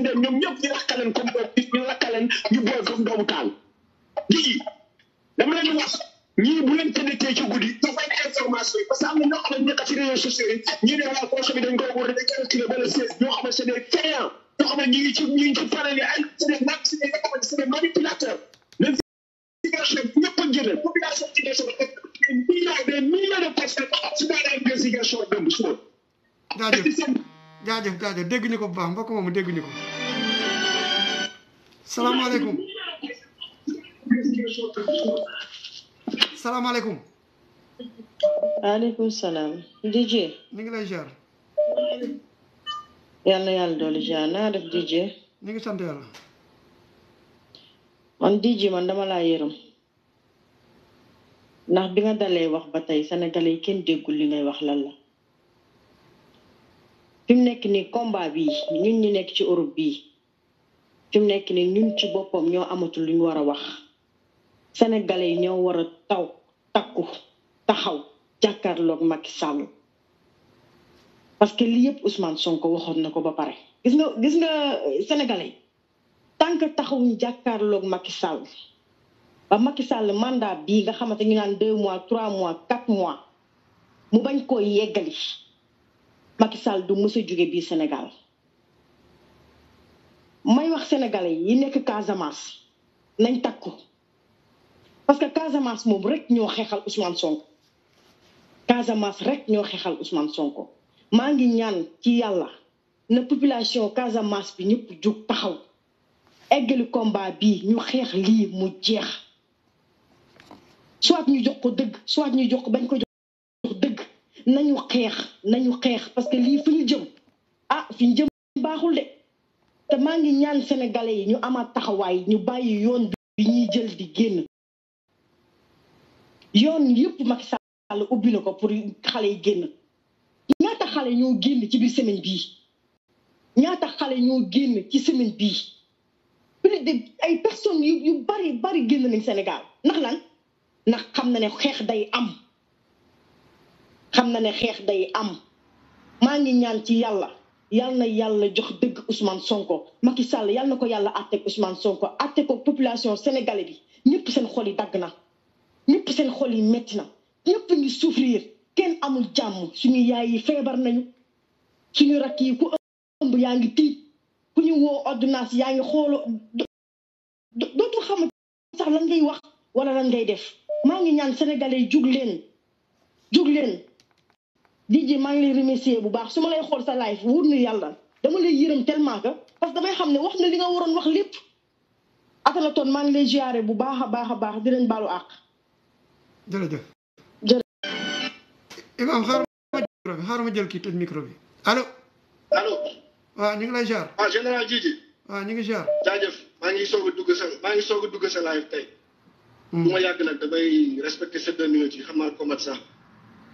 ngeen dem ñoom ñu lakkaleen ñu lakkaleen ñu booy comme doomu taal gii dama leen di bu leen tëddee ci guddi ñu fay information yi parce que am na ñoo xam ne nekk ci koy wër ñoo xam ne c'est des fainéants ñoo xam ne ñu ngi ci ñu ngi ci parrain yi ay c'est des nag c'est des nga xamante c'est des a génne population ci des de personnes si daanaka investigation démb jaajëf jaajëf dégg ñu ko bu baax mbokk moomu dégg ñu ko salaamaaleykum salaamaaleykum. waaleykum salaam. DJ. ñu ngi lay ziar. yàlla yàlla doolu ziar naa def DJ. ñu ngi sant yàlla. man DJ man dama laa yërëm. ndax bi nga dalee wax ba tey sénégalais kenn déggul li ngay wax lan la. fi mu nekk nii combat bi ñun ñu nekk ci Europe bii fi mu nekk ni ñun ci boppam ñoo amatul lu ñu war a wax sénégalais yi ñoo war a taw takku taxaw jàkkaarloog Macky Sall parce que lii yëpp Ousmane Sonko waxoon na ko ba pare. gis nga gis nga euh, sénégalais tant que taxawuñ jàkkaarloog Macky Sall ba Macky Sall mandat bii nga xamante ñu naan deux mois trois mois quatre mois mu bañ koo yeggali. Macky Sall du mës a bi Sénégal may wax sénégalais yi nek Casamance nañ takku parce que Casamance moom rek ño xéxal Ousmane Sonko Casamance rek ño xéxal Ousmane Sonko ma ngi ñaan ci Yalla na population Casamance bi ñëpp jug taxaw eggali combat bi ñu xéx li mu jeex soit ñu jox ko dëgg soit ñu jox bañ ko nañu xeex nañu xeex parce que lii fu ñu jëm ah fi ñu jëm baaxul de te maa ngi ñaan sénégalais yi ñu amaat taxawaay ñu bàyyi yoon bi ñuy jël di génn yoon yëpp Macky Sall ubbi na ko pour xale yi génn ñaata xale ñoo génn ci biir semaine bii ñaata xale ñoo génn ci semaine bii plus de ay personnes yu yu bari bari génn nañ Sénégal ndax lan ndax xam na ne xeex day am xam na ne xeex day am maa ngi ñaan ci yàlla yàlla na yàlla jox dëgg Ousmane Sonko Macky Sall yàlla na ko yàlla àtteeg Ousmane Sonko àtteeg ko population sénégalais bi ñëpp seen xol yi dagg na ñëpp seen xol yi metti na ñëpp ngi souffrir kenn amul jàmm suñu yaay yi feebar nañu suñu rakk yi ku ëmb yaa ngi tiit ku ñu woo ordonnance yaa ngi xoolu dootu xamul sax lan ngay wax wala lan ngay def maa ngi ñaan sénégalais yi jug leen DJ maa ngi lay remercier bu baax su ma lay xool sa live wóor na yàlla dama lay yërëm tellement que parce que damay xam ne wax ne li nga waroon wax lépp Akhenaton maa ngi lay ziare bu baax a baax baax di leen baalu àq. jërëjëf. jërëjëf. jël kii tëj micro bi allo. ngi lay ziar. waaw général Djidji. waaw ñu ngi ziar. jaajëf maa ngi soog dugg sa maa ngi soog a dugg sa live tey. Hmm. bu ma yàgg nag damay respecté ces deux minutes yi xam naa ko mat sax.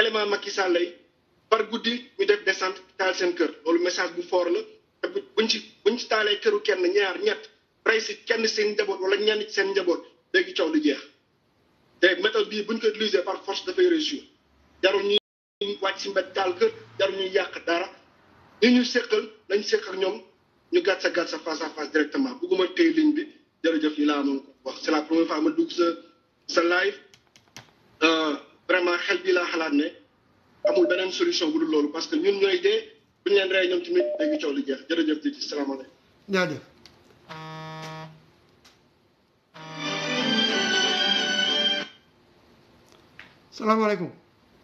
élément Macky Sall lay par guddi ñu def descente taal seen kër loolu message bu fort la te buñ ci buñ ci taalee këru kenn ñaar ñett rey si kenn seen njaboot wala ñenn ci seen njaboot léegi coow lu jeex te méthode bii buñ ko utiliser par force dafay réussir jarul ñuy wàcc si mbedd taal kër jarul ñuy yàq dara ñu ñu séqal nañ séq ak ñoom ñu gàtt sa gàtt sa face à face directement bugguma téye ligne bi jërëjëf yi laa amoon ko wax c'est la première fois ma dugg sa sa live man di xalaat ne amul beneen solution bu dul loolu parce que ñun ñooy dee buñ leen rey ñoom tamit léegi coow jeex jërëjëf di ci salaamaaleykum. jaajëf. salaamaaleykum.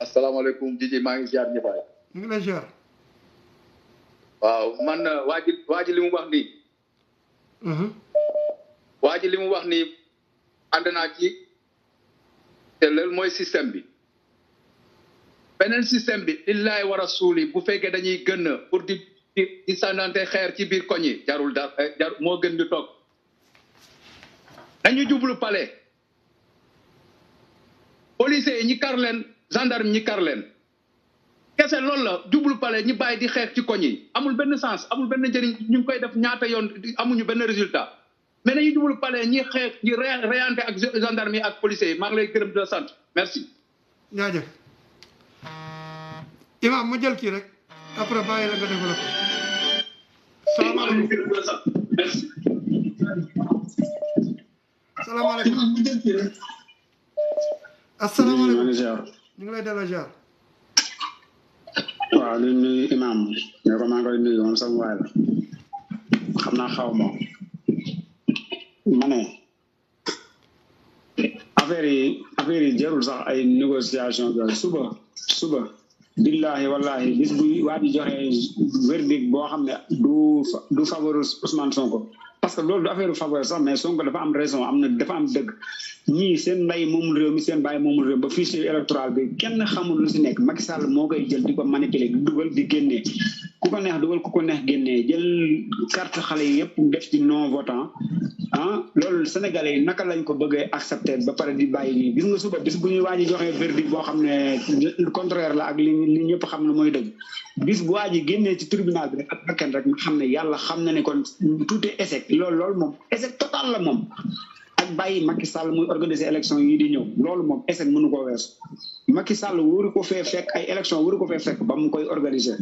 asalaamaaleykum Djidji maa ngi ziar ñëpp ñu ngi lay ziar. waaw man euh, waa ji li mu wax nii. Uh-huh. waa li mu wax nii ànd naa ci te loolu mooy système bi. beneen système bi illaahi wa rasuuli bu fekke dañuy gën pour di di sànnante xeer ci biir koñ yi jarul dara eh, jar moo gën ñu tok dañu jublu palais police ñi kar leen gendarme ñi kar leen kese loolu la jublu palais ñi bay di xeex ci koñ yi amul benn sens amul benn njëriñ ñu ngi koy def ñaata yoon amuñu benn résultat mais nañu jublu palais ñi xeex ñi reyante ak gendarme ak police yi maa ngi lay gërëm di la merci. jaajëf. imaam ma jël kii rek après bàyyi la nga développé. salaamaaleykum. salaamaaleykum. asalaamaaleykum. ñu ngi lay delloo jaar. waaw li nuyu imaam mais ko maa ngi koy nuyu moom sama waay la xam naa xaw ma ma ne affaire yi affaire yi jarul sax ay négociation suba suba. billahi wallahi bis buy waa ji joxe verdict boo xam ne du du faveur Ousmane Sonko parce que loolu du affaire faveur sax mais Sonko dafa am raison am na dafa am dëgg ñii seen nday moomul réew mi seen bàyyi moomul réew ba fichier électoral bi kenn xamul lu si nekk Macky Sall moo koy jël di ko manipuler di dugal di génnee ku ko neex dugal ku ko neex génnee jël kart xale yi yëpp def ci non votant ah loolu sénégalais yi naka lañ ko bëggee accepter ba pare di bàyyi bis gis nga suba bis bu ñu waa ji joxee verdict boo xam ne contraire la ak li li ñëpp xam ne mooy dëgg bis bu waa ji génnee ci tribunal bi rek ak bakkan rek ma xam ne yàlla xam na ne kon tout est échec loolu loolu moom échec total la moom ak bàyyi Macky Sall muy organiser élection yii di ñëw loolu moom échec mënu koo weesu Macky Sall waru ko fee fekk ay élection waru ko fee fekk ba mu koy organiser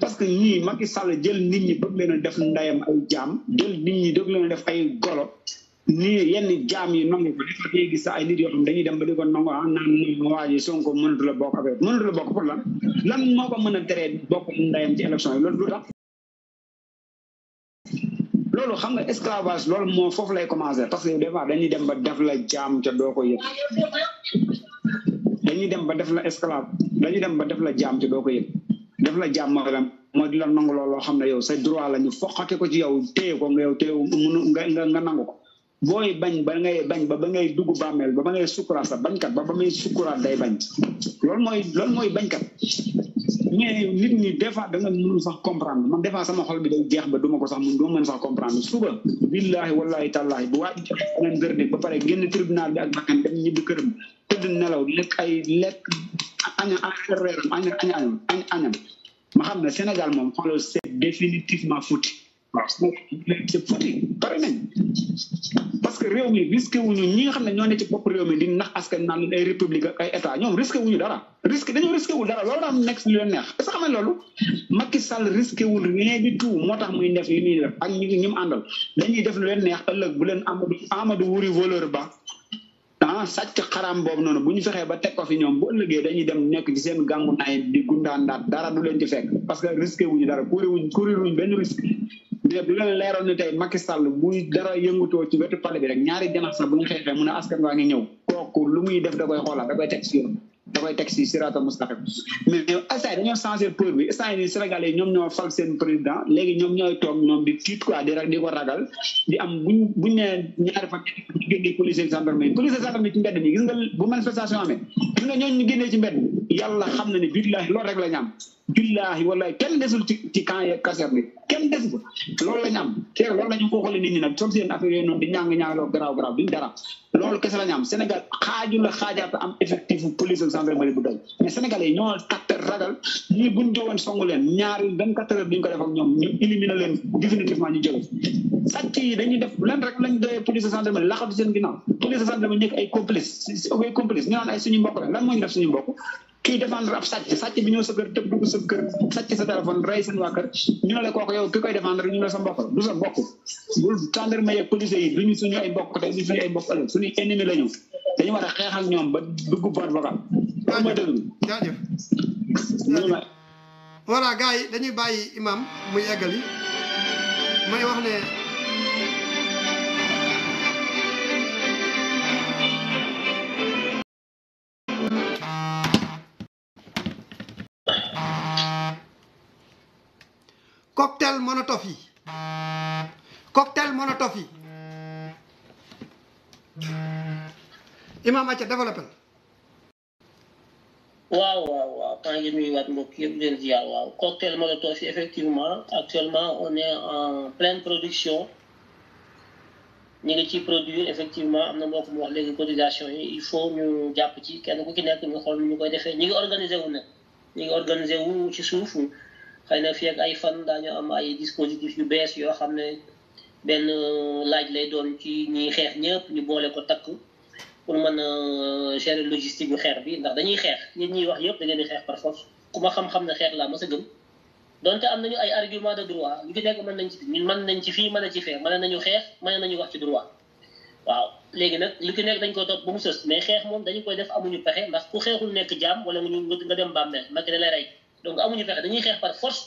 parce que ñii Macky Sall jël nit ñi bëgg leen a def ndayam ay jam jël nit ñi bëgg leen jam def ay golo nii yenn jaam yi nangu ko dafa ngay gis ay nit yoo xam dañuy dem ba di ko nangu ah naan waa ji sonko mënatu la bokk affaire la bokk lan lan ko mën a bokk ndayam ci élection yi loolu tax loolu xam nga esclavage mo lay parce que ba def la ca ko yëg dañuy dem ba ba def la ca ko def la jàmmalam moo di la nangu loo xam ne yow sa droit la ñu foqate ko ci yow téye ko nga yow téye nga nga nangu ko booy bañ ba ngay bañ ba ba ngay dugg bàmmeel ba ba ngay sukkuraat sa bañkat ba ba muy sukkuraat day bañ loolu mooy loolu mooy bañkat mais nit ñi des fois da sax comprendre man des fois sama xol bi day jeex ba duma ko sax mun duma mën sax comprendre suba billaahi wallahi tallaahi bu waaj beneen verdict ba pare génn tribunal bi ak bakkan dem ñibbi këram tëdd nelaw lekk ay lekk a reeram aña aña añam ma xam ne Sénégal moom xoolal c'est définitivement foutu parce que pare nañ parce que réew mi risqué wuñu ñi xam ne ñoo ne ci bopp réew mi di nax askan naan ay république ak ay état ñoom dañoo risqué wul dara loolu daam nekk si leen neex est-ce que loolu Macky Sall risqué wul rien du tout moo tax muy def li ñuy def ak ñi ñi àndal dañuy def lu leen neex ëllëg bu leen Amadou Amadou Wuri voleur ba ah sàcc xaram boobu noonu bu ñu fexee ba teg ko fi ñoom bu ëllëgee dañuy dem nekk ci seen gàngu naay daan gundaandaat dara du leen ci fekk parce que risqué wuñu dara kuuri wuñ kuuri wuñ benn risque mais bu leen leeroon ne tey Macky Sall buy dara yëngutoo ci wetu palais bi rek ñaari janax sax bu ñu xeexee mu ne askan waa ngi ñëw kooku lu muy def da koy xoolaat da teg si yoon da koy teg mais instant dañoo changé peur bi instant ni Sénégal yi ñoom ñoo fal seen président ñoom ñooy toog ñoom di tiit quoi di rek di ko ragal di am buñ buñ nee ñaari fan ñu génnee policier gendarmerie policier gendarmerie ci mbedd bu manifestation amee nga ñooñu génnee ci mbedd yàlla xam na ne billahi loolu rek la ñu billaahi wallaahi kenn desul ci ci camp yeeg caserne bi kenn desu fa loolu la ñu am keroog loolu la ñu ko xoolee nit ñi nag sol ñu ko def ñoom ñu éliminer leen définitivement ñu jóge sàcc yi dañuy def leen rek lañ doyee police mbokk lan moo ñu def suñu mbokk kii défendre ab sàcc sàcc bi ñëw sa kër tëb dugg sa kër sàcc sa téléphone rey seen waa kër ñu ne la kooku yow ki koy défendre ñu ne sa mbokk la du sa mbokk bul gendarme yeeg police yi duñu suñu ay mbokk te duñu suñu ay mbokk ëllëg suñuy ennemi dañu war a xeex ak ñoom ba dugg vote vocal loolu mooy dëgg jaajëf jaajëf voilà gars yi dañuy bàyyi imam muy eggali may wax ne cocktail Molotov cocktail Molotov yi Imam Aca Waouh, waouh, waouh, waaw waaw maa ngi nuyuwaat mbokk yëpp di cocktail Molotov effectivement actuellement on est en pleine production Nous ngi produit, produire effectivement nous avons les cotisations. wax il faut ñu jàpp ci kenn ku ci nekk ñu xool ñu koy defee ñu ngi wu wu ci xëy na fii ak ay fan daañu am ay dispositif yu bees yoo xam ne benn laaj lay doon ci ñiy xeex ñëpp ñu boole ko takk pour mën a gérer logistique yu xeex bi ndax dañuy xeex nit ñuy wax yëpp da ngeen di xeex par force ku ma xam-xam na xeex laa ma sa gëm donte am nañu ay argument de droit yu ci nekk mën nañ ci ñun mën nañ ci fii mën a ci fee mën nañu xeex mën nañu wax ci droit waaw léegi nag li ki nekk dañ ko topp ba mu sës mais xeex moom dañu koy def amuñu pexe ndax ku xeexul nekk jaam wala nga nga dem bàmmeel makk da lay rey donc amuñu fexe dañuy xeex par force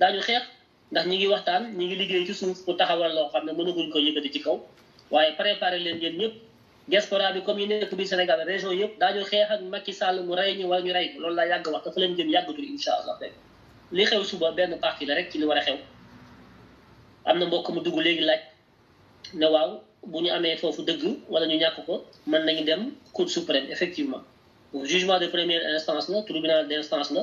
daañu xeex ndax ñi ngi waxtaan ñi ngi liggéey ci suuf pour taxawal loo xam ne mënaguñ ko yëkkati ci kaw waaye préparé leen yéen ñëpp diaspora bi comme yi nekk bi Sénégal région yëpp daañu xeex ak Macky Sall mu rey ñu wala ñu rey loolu laa yàgg wax dafa leen jëm yàggatul insha allah li xew suba benn parti la rek ci li war a xew am na mbokk mu dugg léegi laaj ne waaw bu ñu amee foofu dëgg wala ñu ñàkk ko mën nañu dem cour suprême effectivement jugement de première instance la tribunal d'instance la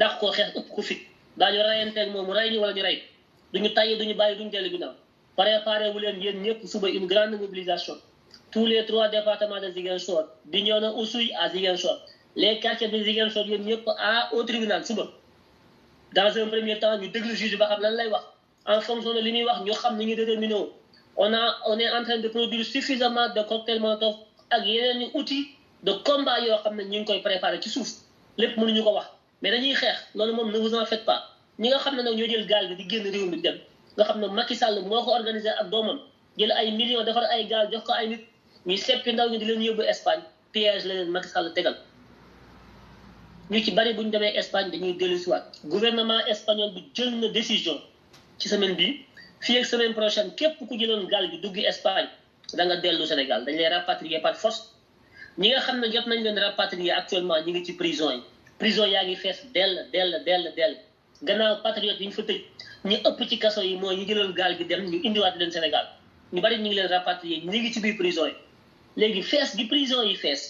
dàq koo xeex ëpp ko fit daañu reyanteeg moom rey ñu wala ñu rey duñu tàyyi duñu bàyyi duñu dellu ginnaaw préparé wu leen yéen ñëpp suba une grande mobilisation tous les trois départements de Ziguinchor Bignona Oussouye à Ziguinchor les quartiers de Ziguinchor yéen ñëpp à au tribunal suba dans un premier temps ñu déglu juge ba xam lan lay wax en fonction de li muy wax ñu xam ni ñu déterminé on a on est en train de produire suffisamment de cocktail Molotov ak yeneen outils de combat yoo xam ne ñu ngi koy préparé ci suuf lépp mënuñu ko wax mais dañuy xeex loolu moom ne vous en faites pas ñi nga xam ne nag ñoo jël gaal bi di génn réew mi dem nga xam ne Macky sàll moo ko organisé ak doomam jël ay millions defar ay gaal jox ko ay nit ñuy seppi ndaw ñi di leen yóbbu españ piège la leen Macky Sall tegal ñu ci bari bu ñu demee Espagne dañuy dellu gouvernement espagnol bi jël na décision ci semaine bii fii ak semaine prochaine képp ku jëloon gaal bi dugg Espagne da nga dellu Sénégal dañ lay rapatrier par force ñi nga xam ne jot nañ leen rapatrier actuellement ñi ngi ci prison yi. prison yaa ngi fees dell dell dell dell gannaaw patriote yi ñu fa tëj ñu ëpp ci kaso yi mooy ñu jëloon gaal gi dem ñu indiwaat leen Sénégal ñu bari ñu ngi leen rapatrié ñu ngi ci biir prison yi léegi fees gi prison yi fees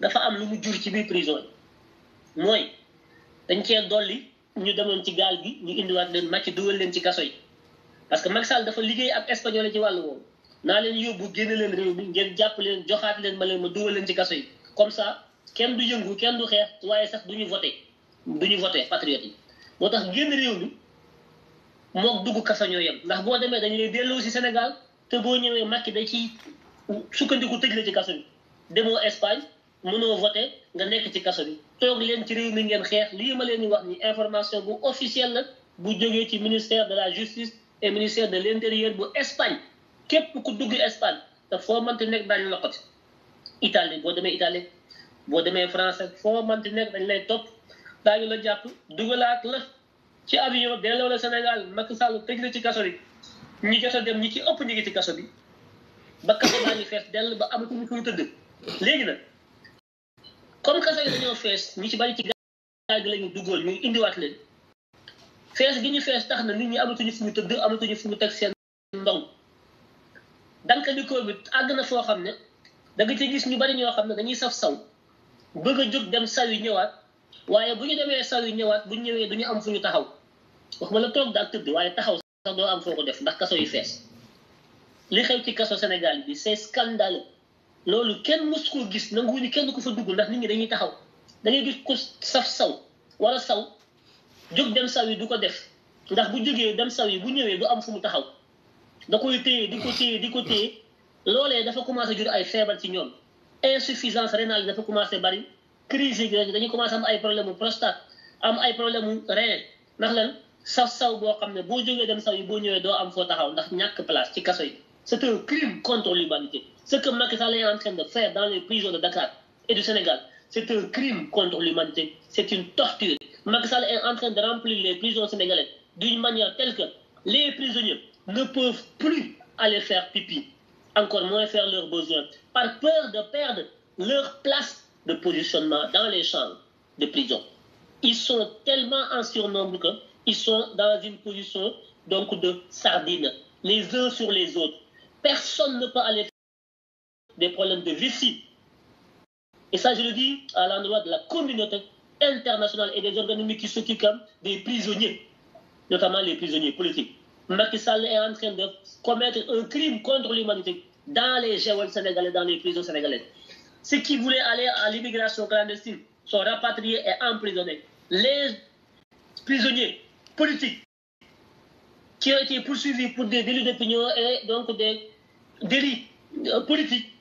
dafa am lu mu jur ci biir prison yi mooy dañ cee dolli ñu demoon ci gaal gi ñu indiwaat leen Macky dugal leen ci kaso yi parce que Macky Sall dafa liggéey ak espagnol ci wàllu woowu naa leen yóbbu génne leen réew mi ngeen jàpp leen joxaat leen ma leen ma dugal leen ci kaso yi kenn du yëngu kenn du xeex waaye sax du ñu voté du voté patriote yi moo tax génn réew mi mook dugg kaso ñoo yem ndax boo demee dañ lay delloo si Sénégal te boo ñëwee Macky da ci sukkandiku tëj la ci kaso bi demoo Espagne mënoo voté nga nekk ci kaso bi toog leen ci réew mi ngeen xeex lii ma leen di wax ni information bu officiel la bu jógee ci ministère de la justice et ministère de l'intérieur bu Espagne képp ku dugg Espagne te foo mënti nekk daañu loxoti Italie boo demee Italie boo demee France foo manti nekk dañ lay topp daañu la jàpp dugalaat la ci avion delloo la Sénégal Macky sàll tëj la ci kaso bi ñi jot a dem ñi ci ëpp ñu ci kaso bi ba kaso baa ngi fees dell ba am fu ñu tëdd léegi na comme kaso yi dañoo fees ñi ci bari ci gaal gi la ñu ñu indiwaat leen fees gi ñu fees tax na nit ñu amatuñu fu ñu tëdd amatuñu fu ñu teg seen ndong danka bi àgg na foo xam ne danga ci gis ñu bari ñoo xam ne dañuy saf saw bëgg a jóg dem saw yi ñëwaat waaye bu ñu demee saw yi ñëwaat bu ñëwee du ñu am fu ñu taxaw waxuma la toog daal tëdd waaye taxaw sax doo am foo ko def ndax kaso yu fees li xew ci kaso Sénégal bi c'est scandale loolu kenn mës koo gis nanguwuñu kenn ku fa dugg ndax nit ñi dañuy taxaw da ngay gis ko saf saw war saw jóg dem saw yi du ko def ndax bu jógee dem saw yi bu ñëwee du am fu mu taxaw da koy téye di ko téye di ko téye loolee dafa commencé jur ay feebar ci ñoom insuffisance rénale dafa commencé bari crise yi dañu commencé am ay problème prostate am ay problème rein ndax lan saf saw boo xam ne boo jógee dem saw yi boo ñëwee doo am foo taxaw ndax ñàkk place ci yi c'est un crime contre l'humanité ce que Macky Sall est en train de faire dans les prisons de Dakar et du Sénégal c'est un crime contre l'humanité c'est une torture Macky Sall est en train de remplir les prisons sénégalaises d'une manière telle que les prisonniers ne peuvent plus aller faire pipi encore moins faire leurs besoins, par peur de perdre leur place de positionnement dans les chambres de prison. Ils sont tellement en surnombre qu'ils sont dans une position donc de sardines, les uns sur les autres. Personne ne peut aller faire des problèmes de vie. Et ça, je le dis à l'endroit de la communauté internationale et des organismes qui s'occupent des prisonniers, notamment les prisonniers politiques. Macky Sall est en train de commettre un crime contre l'humanité dans les sénégalais, dans les prisons sénégalaises. Ceux qui voulaient aller à l'immigration clandestine sont rapatriés et emprisonnés. Les prisonniers politiques qui ont été poursuivis pour des délits d'opinion et donc des délits euh, politiques,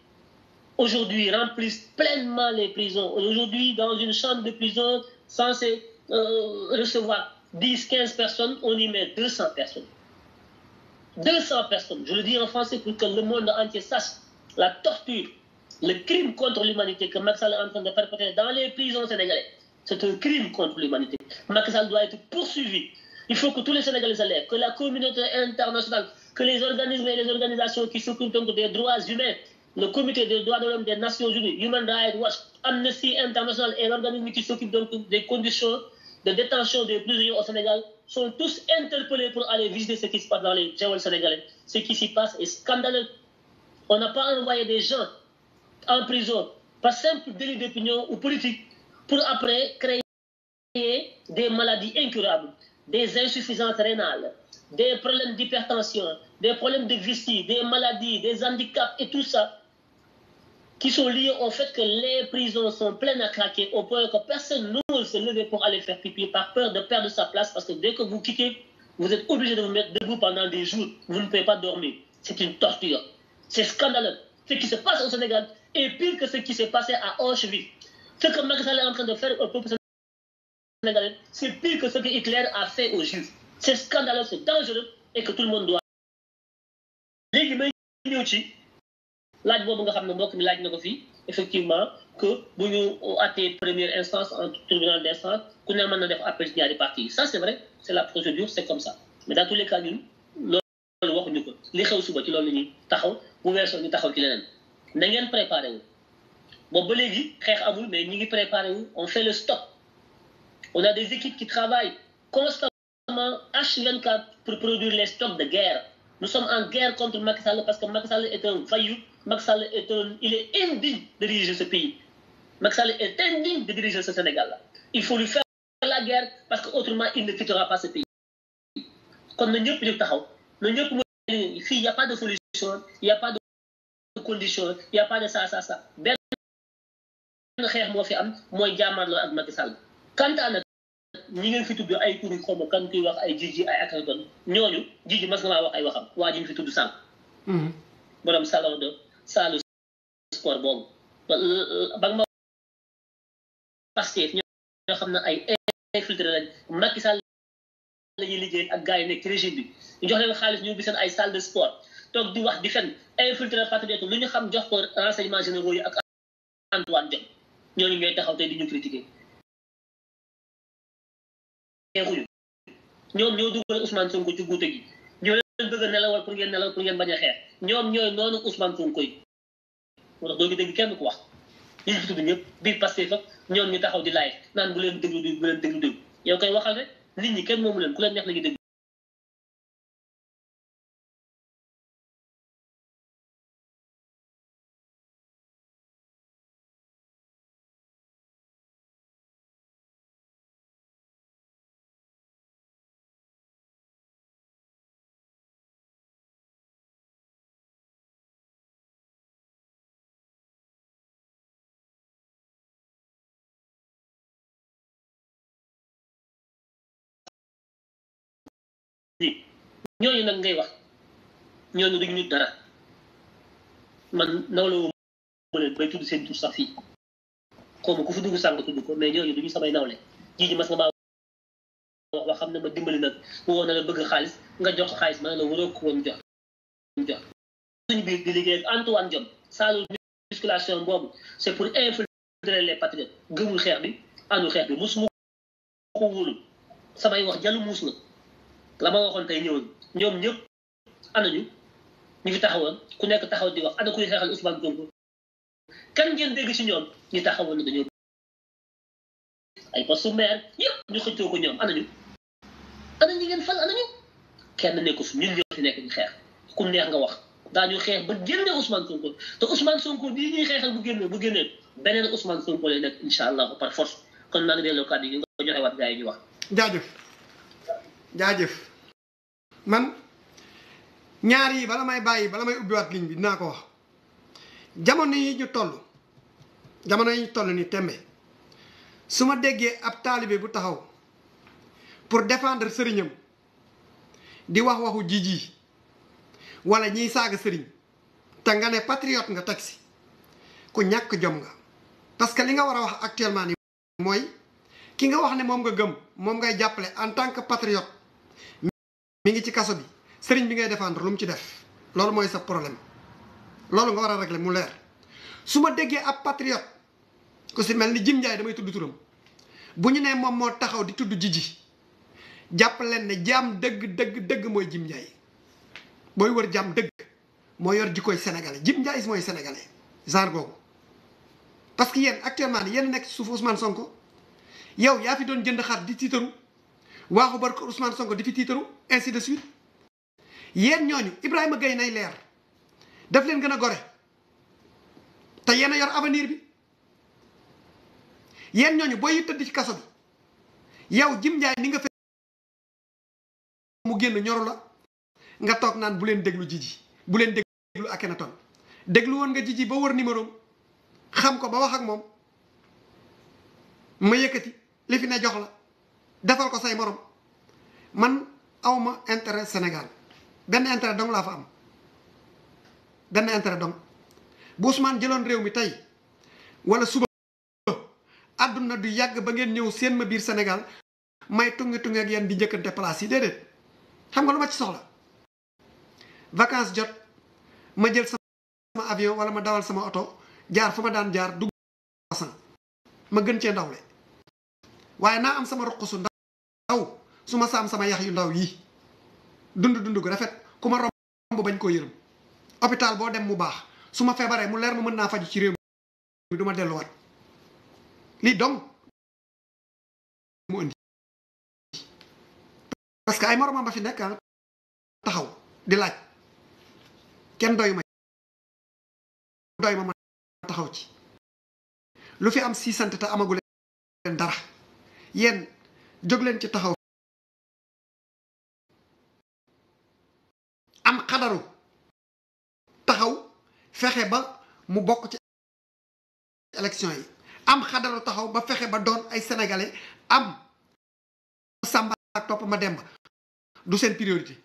aujourd'hui remplissent pleinement les prisons. Aujourd'hui, dans une chambre de prison censée euh, recevoir 10-15 personnes, on y met 200 personnes. 200 personnes, je le dis en français pour que le monde entier sache la torture, le crime contre l'humanité que Maxal est en train de perpétrer dans les prisons sénégalais. C'est un crime contre l'humanité. Maxal doit être poursuivi. Il faut que tous les Sénégalais s'élèvent, que la communauté internationale, que les organismes et les organisations qui s'occupent des droits humains, le comité des droits de l'homme des Nations Unies, Human Rights Watch, Amnesty International et l'organisme qui s'occupe des conditions de détention des prisonniers au Sénégal sont tous interpellés pour aller visiter ce qui se passe dans les jungles sénégalais. Ce qui s'y passe est scandaleux. On n'a pas envoyé des gens en prison par simple délit d'opinion ou politique pour après créer des maladies incurables, des insuffisances rénales, des problèmes d'hypertension, des problèmes de vessie, des maladies, des handicaps et tout ça qui sont liés au fait que les prisons sont pleines à craquer, au point que personne n'ose se lever pour aller faire pipi par peur de perdre sa place, parce que dès que vous quittez, vous êtes obligé de vous mettre debout pendant des jours, vous ne pouvez pas dormir. C'est une torture. C'est scandaleux. Ce qui se passe au Sénégal est pire que ce qui s'est passé à Auschwitz. Ce que Macky est en train de faire au peuple sénégalais, c'est pire que ce que Hitler a fait aux Juifs. C'est scandaleux, c'est dangereux et que tout le monde doit laaj boobu nga xam ne mbokk mi laaj na ko fii effectivement que bu ñu en première instance en tribunal d'instance ku ne mën na def appel ñaari parti ça c'est vrai c'est la procédure c'est comme ça mais dans tous les cas ñun loolu waxuñu ko li xew suba ci loolu la ñuy taxaw bu weesoo ñu taxaw ci leneen na ngeen préparé wu boobu ba léegi xeex amul mais ñi ngi préparé wu on fait le stock on a des équipes qui travaillent constamment H24 pour produire les stocks de guerre nous sommes en guerre contre Macky Sall parce que Macky Sall est un faillu Maxal est un, il est indigne de diriger ce pays. Maxal est indigne de diriger ce Sénégal. Il faut lui faire la guerre parce qu'autrement, il ne quittera pas ce pays. Quand nous ne ne pas pas nous il n'y a pas de solution, il n'y a pas de condition, il n'y a pas de ça, ça, ça. Ben, xeex moo fi am mooy jàmmaarloo ak Macky Sall kantaan nag ñi ngeen fi tudd ay tour xaw ma kan kuy wax ay jiji ay akaton ñooñu jiji mas nga wax ay waxam waa ji ñu fi tudd Sall mm-hmm. borom salon de saalu sport boobu ba nga ma Pastef ñoo xam ne ay infiltré lañ Macky Sall la liggéey ak gars yi nekk ci régime bi ñu jox leen xaalis ñu ubbi seen ay salle de sport toog di wax di fen infiltré patriote lu xam jox ko renseignement taxaw tey di ñu ñoom ñoo dugal Ousmane Sonko ci guute gi leen bëgg a nelawal pour ngeen nelaw pour ngeen bañ a xeex ñoom ñooy noonu Ousmane Sonko yi moo tax doo ngi dégg kenn ku wax ñu ngi tudd ñëpp biir Pastef ak ñoom ñu taxaw di laaj naan bu leen déglu bu leen déglu déglu yow koy waxal rek ñi kenn moomu leen ku leen neex la ñu déglu ñooñu nag ngay wax ñooñu duñ nit dara man naw la ma leen bay tudd seen tur sax fii xaw ku fi dugg sàng tudd ko mais ñooñu duñu samay nawle jii ji mas nga wax xam ne ma dimbali nag woo na la bëgg xaalis nga jox xaalis ma ne la waroo ko woon jox jox suñu biir di liggéey ak Antoine Diome saalu musculation boobu c'est pour infiltrer les patriotes gëmul xeex bi àndul xeex bi mus mu ko wóolu samay wax jalu muus na la ma waxoon tey ñëwoon ñoom ñëpp ana ñu ñu fi taxawoon ku nekk taxaw di wax ana kuy xeexal Ousmane Sonko kan dégg si ñoom ñu taxawoon dañoo ay poste maire yëpp ñu xëccoo ko ñoom ana ñu ana ñi ngeen fal kenn nekku fi ñu ñoo fi nekk di xeex ku neex nga wax daa ñu xeex ba génne Ousmane Sonko te Ousmane Sonko bii ñuy xeexal bu génnee bu génnee beneen Ousmane Sonko lay nekk incha allah par force kon maa ngi delloo kàddu yi nga joxe waat yi ñu wax. jaajëf jaajëf. man ñaar yi bala may bàyyi bala may ubbiwaat ligne bi dinaa ko wax jamono yi ñu toll jamono yi ñu toll ni tembe su ma déggee ab taalibe bu taxaw pour défendre sëriñam di wax waxu jiji wala ñiy saaga sëriñ te nga ne patriote nga teg si ku ñàkk jom nga parce que li nga war a wax actuellement ni mooy ki nga wax ne moom nga gëm moom ngay jàppale en tant que patriote mi ngi ci kasso bi serigne bi ngay défendre lu mu ci def loolu moy sa problème loolu nga wara régler mu lèr suma déggé ap patriote ko ci melni Jim Ndiaye damay tuddu turam bu ñu nee moom moo taxaw di tuddu jiji japp leen né jam dëgg dëgg dëgg moy Jim Ndiaye booy wër jam dëgg moo yor jikkoy sénégalais Jim Ndiaye moy sénégalais jar gogo parce que yeen actuellement yeen nek ci Ousmane Sonko yow ya fi doon jënd xar di titeru waxu barko ousmane sonko di fi tiitaru ainsi de suite yeen ñooñu ibrahima gay nay leer daf leen gëna goré ta te yor avenir bi yeen ñooñu booy tëdd ci kasso bi yow jim njaay ni nga fe mu genn ñoro la nga tok naan bu leen deglu jiji bu leen déglu akenaton deglu won nga jiji ba wër numéro xam ko ba wax ak mom ma yëkëti li fi ne jox la defal ko say morom man awma intérêt Sénégal ben intérêt dong la fa am ben intérêt dong bu Ousmane jëloon réew mi tay wala suba aduna du yag ba ngeen ñew seen ma bir Sénégal may tungi tungi ak yeen di njëkkante place yi déedéet xam nga luma ci soxla vacances jot ma jël sama avion wala ma dawal sama auto jaar fu daan jaar dugg ma gën ci ndawle waye na am sama roq su ndaw su ma sama yah yu ndaw yi dund dund gu rafet kuma ma romb bañ ko yeurum hôpital bo dem mu bax su ma feebaree mu leer mu mën naa faju ci réew mi du ma delluwaat lii dong mu andi parce que ay moromam ba fi nek ah, taxaw di laaj ken doy ma doy ma ma taxaw ci lu fi am siisante ta amagul leen dara yéen jógleen ci taxaw am xadaru taxaw fexe ba mu bokk ci élection yi am xadaru taxaw ba fexe ba doon ay sénégalais am sàmba ak topp ma demb du seen priorité